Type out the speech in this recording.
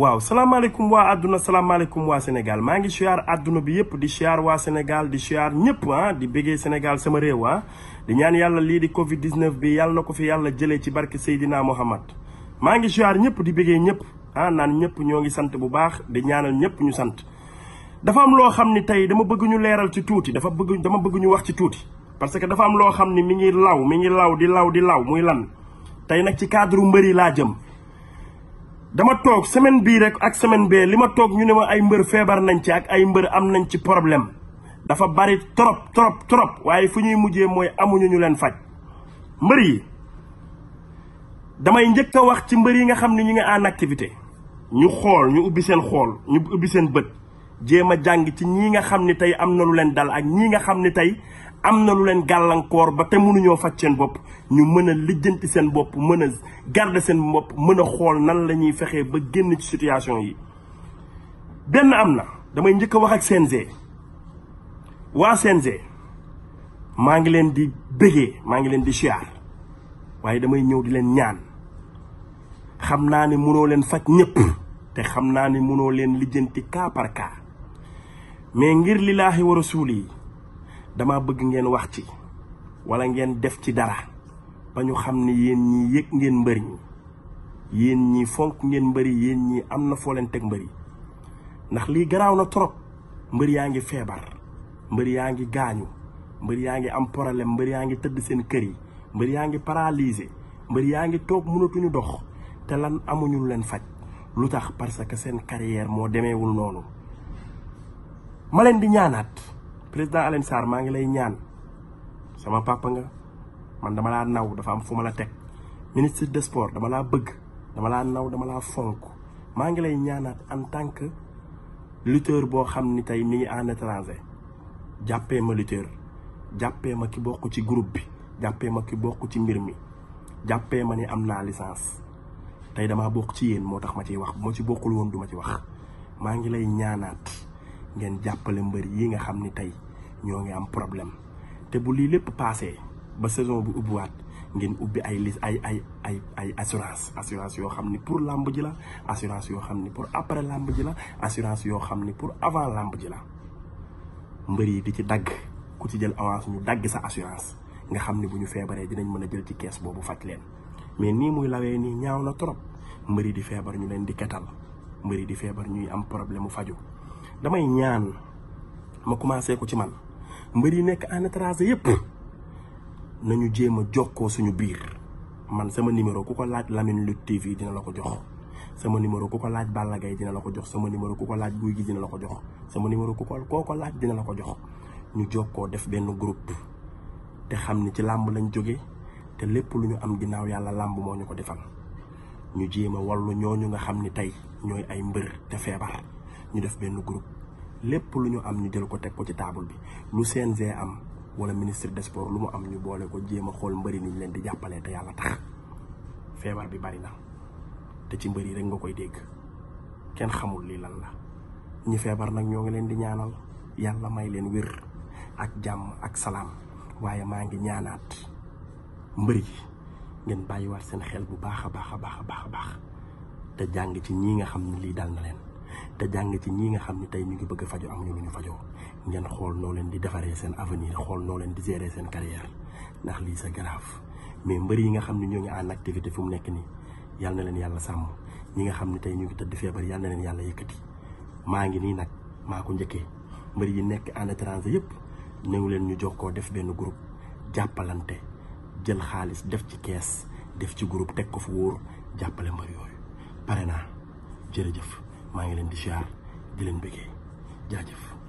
waaw salaamaaleykum waa àdduna salaamaaleykum waa Sénégal maa ngi siyaar àdduna bi yëpp di siyaar waa Sénégal di siyaar ñëpp ah di bëggee Sénégal sama réew waa ah. di ñaan yàlla lii di Covid 19 bi yàlla na ko fi yàlla jëlee ci barki Seydina Mohamad maa ngi siyaar ñëpp di bëggee ñëpp ah naan ñëpp ñoo ngi sant bu baax di ñaanal ñëpp ñu sant. dafa am loo xam ni tey dama bëgg ñu leeral ci tuuti dafa bëgg dama bëgg ñu wax ci tuuti parce que dafa am loo xam ni mi ngi law mi ngi law di law di law muy lan tey nag ci cadre mbëri laa jëm dama toog semaine bii rek ak semaine bee li ma toog ñu ne ma ay mbër feebar nañ ci ak ay mbër am nañ ci problème dafa bari trop trop trop waaye fu ñuy mujjee mooy amuñu ñu leen faj mbër yi damay njëkk a wax ci mbër yi nga xam ni ñu ngi en activité ñu xool ñu ubbi seen xool ñu ubbi seen bët jéem a jàng ci ñii nga xam ni tey am na lu leen dal ak ñii nga xam ni tey am na leen gàllankoor ba te mënuñoo faj seen bopp ñu mën a lijjanti seen bopp mën a garder seen bopp mën a xool nan la ñuy fexee ba génn ci situation yi benn am na damay njëkk a wax ak CNG waa CNG maa ngi leen di bégee maa ngi leen di siyaar waaye damay ñëw di leen ñaan xam naa ni mënoo leen faj ñépp te xam naa ne mënoo leen lijjanti cas par cas mais ngir lillaahi wa rasuuli yi dama bëgg ngeen wax ci wala ngeen def ci dara ba ñu xam ni yéen ñi yëg ngeen mbër ñi yéen ñii fonk ngeen mbëri yéen ñii am na foo leen teg mbëri ndax lii garaaw na trop mbër yaa ngi feebar mbër yaa ngi gaañu mbër yaa ngi am problème mbër yaa ngi tëdd seen kër yi mbër yaa ngi paralysé mbër yaa ngi toog mënatuñu dox te lan amuñu leen faj lu tax parce que seen carrière moo demeewul noonu ma leen di ñaanaat président Alioune Sarr maa ngi lay ñaan sama papa nga man dama laa naw dafa am fu ma la teg ministre de sport dama laa bëgg dama laa naw dama laa fonk maa ngi lay ñaanaat en tant que lutteur boo xam ni tey mi ngi en étranger jàppee ma lutteur jàppee ma ki bokk ci groupe bi jàppee ma ki bokk ci mbir mi jàppee ma ni am naa licence tey damaa bokk ci yéen moo tax ma ciy wax bu ma ci bokkul woon du ma ci wax maa ngi lay ñaanaat. ngeen jàppale mbër yi nga xam ni tey ñoo ngi am problème te bu lii lépp passé ba saison bu ubbiwaat ngeen ubbi ay liste ay ay ay ay assurance assurance yoo xam ni pour làmb ji la assurance yoo xam ni pour après làmb ji la assurance yoo xam ni pour avant làmb ji la mbër yi di ci dagg ku ci jël avance ñu dagg sa assurance nga xam ni bu ñu feebaree dinañ mën a jël ci kees boobu faj leen mais nii muy lawee nii ñaaw na trop mbër yi di feebar ñu leen di ketal mbër yi di feebar ñuy am problème mu faju damay ñaan ma commencé ko ci man mbër yi nekk en étranger yëpp nañu jéem a jokkoo suñu biir man sama numéro ku ko laaj Lamine Lutte TV dina la ko jox sama numéro ku ko laaj Balla Gaye dina la ko jox sama numéro ku ko laaj Gouye Gui dina la ko jox sama numéro ku ko koo ko laaj dina la ko jox ñu jokkoo def benn groupe te xam ni ci làmb lañ jóge te lépp lu ñu am ginnaaw yàlla làmb moo ñu ko defal ñu jéem a ñoo ñu nga xam ni tey ñooy ay mbër te feebar ñu def benn groupe lépp lu ñu am ñu jël ko teg ko ci table bi lu g am wala ministre des sports lu mu am ñu boole ko jéem a xool mbëri ni leen di jàppalee te yàlla tax feebar bi bari na te ci mbëri rek nga koy dégg kenn xamul lii lan la ñu feebar nag ñoo ngi leen di ñaanal yàlla may leen wér ak jàmm ak salaam waaye maa ngi ñaanaat mbëri yi ngeen bàyyiwaat seen xel bu baax a baax a baax a baax te jàng ci ñii nga xam ne lii dal na leen. te jàng ci ñi nga xam ne tey ñu ngi bëgg a faju amuñu lu ñu fajoo ngeen xool noo leen di defaree seen avenir xool noo leen di gérer seen carrière ndax lii c'est grave mais mbër yi nga xam ne ñoo ngi en activité fu mu nekk nii yal na leen yàlla sàmm ñi nga xam ne tey ñu ngi tëdd feebar yal na leen yàlla yëkkati maa ngi nii nag maa ko njëkkee mbër yi nekk en étranger yëpp néew leen ñu jox koo def benn groupe jàppalante jël xaalis def ci kees def ci groupe teg ko fu wóor jàppale mbër maa ngi leen di siyaar di leen bëggee jaajëf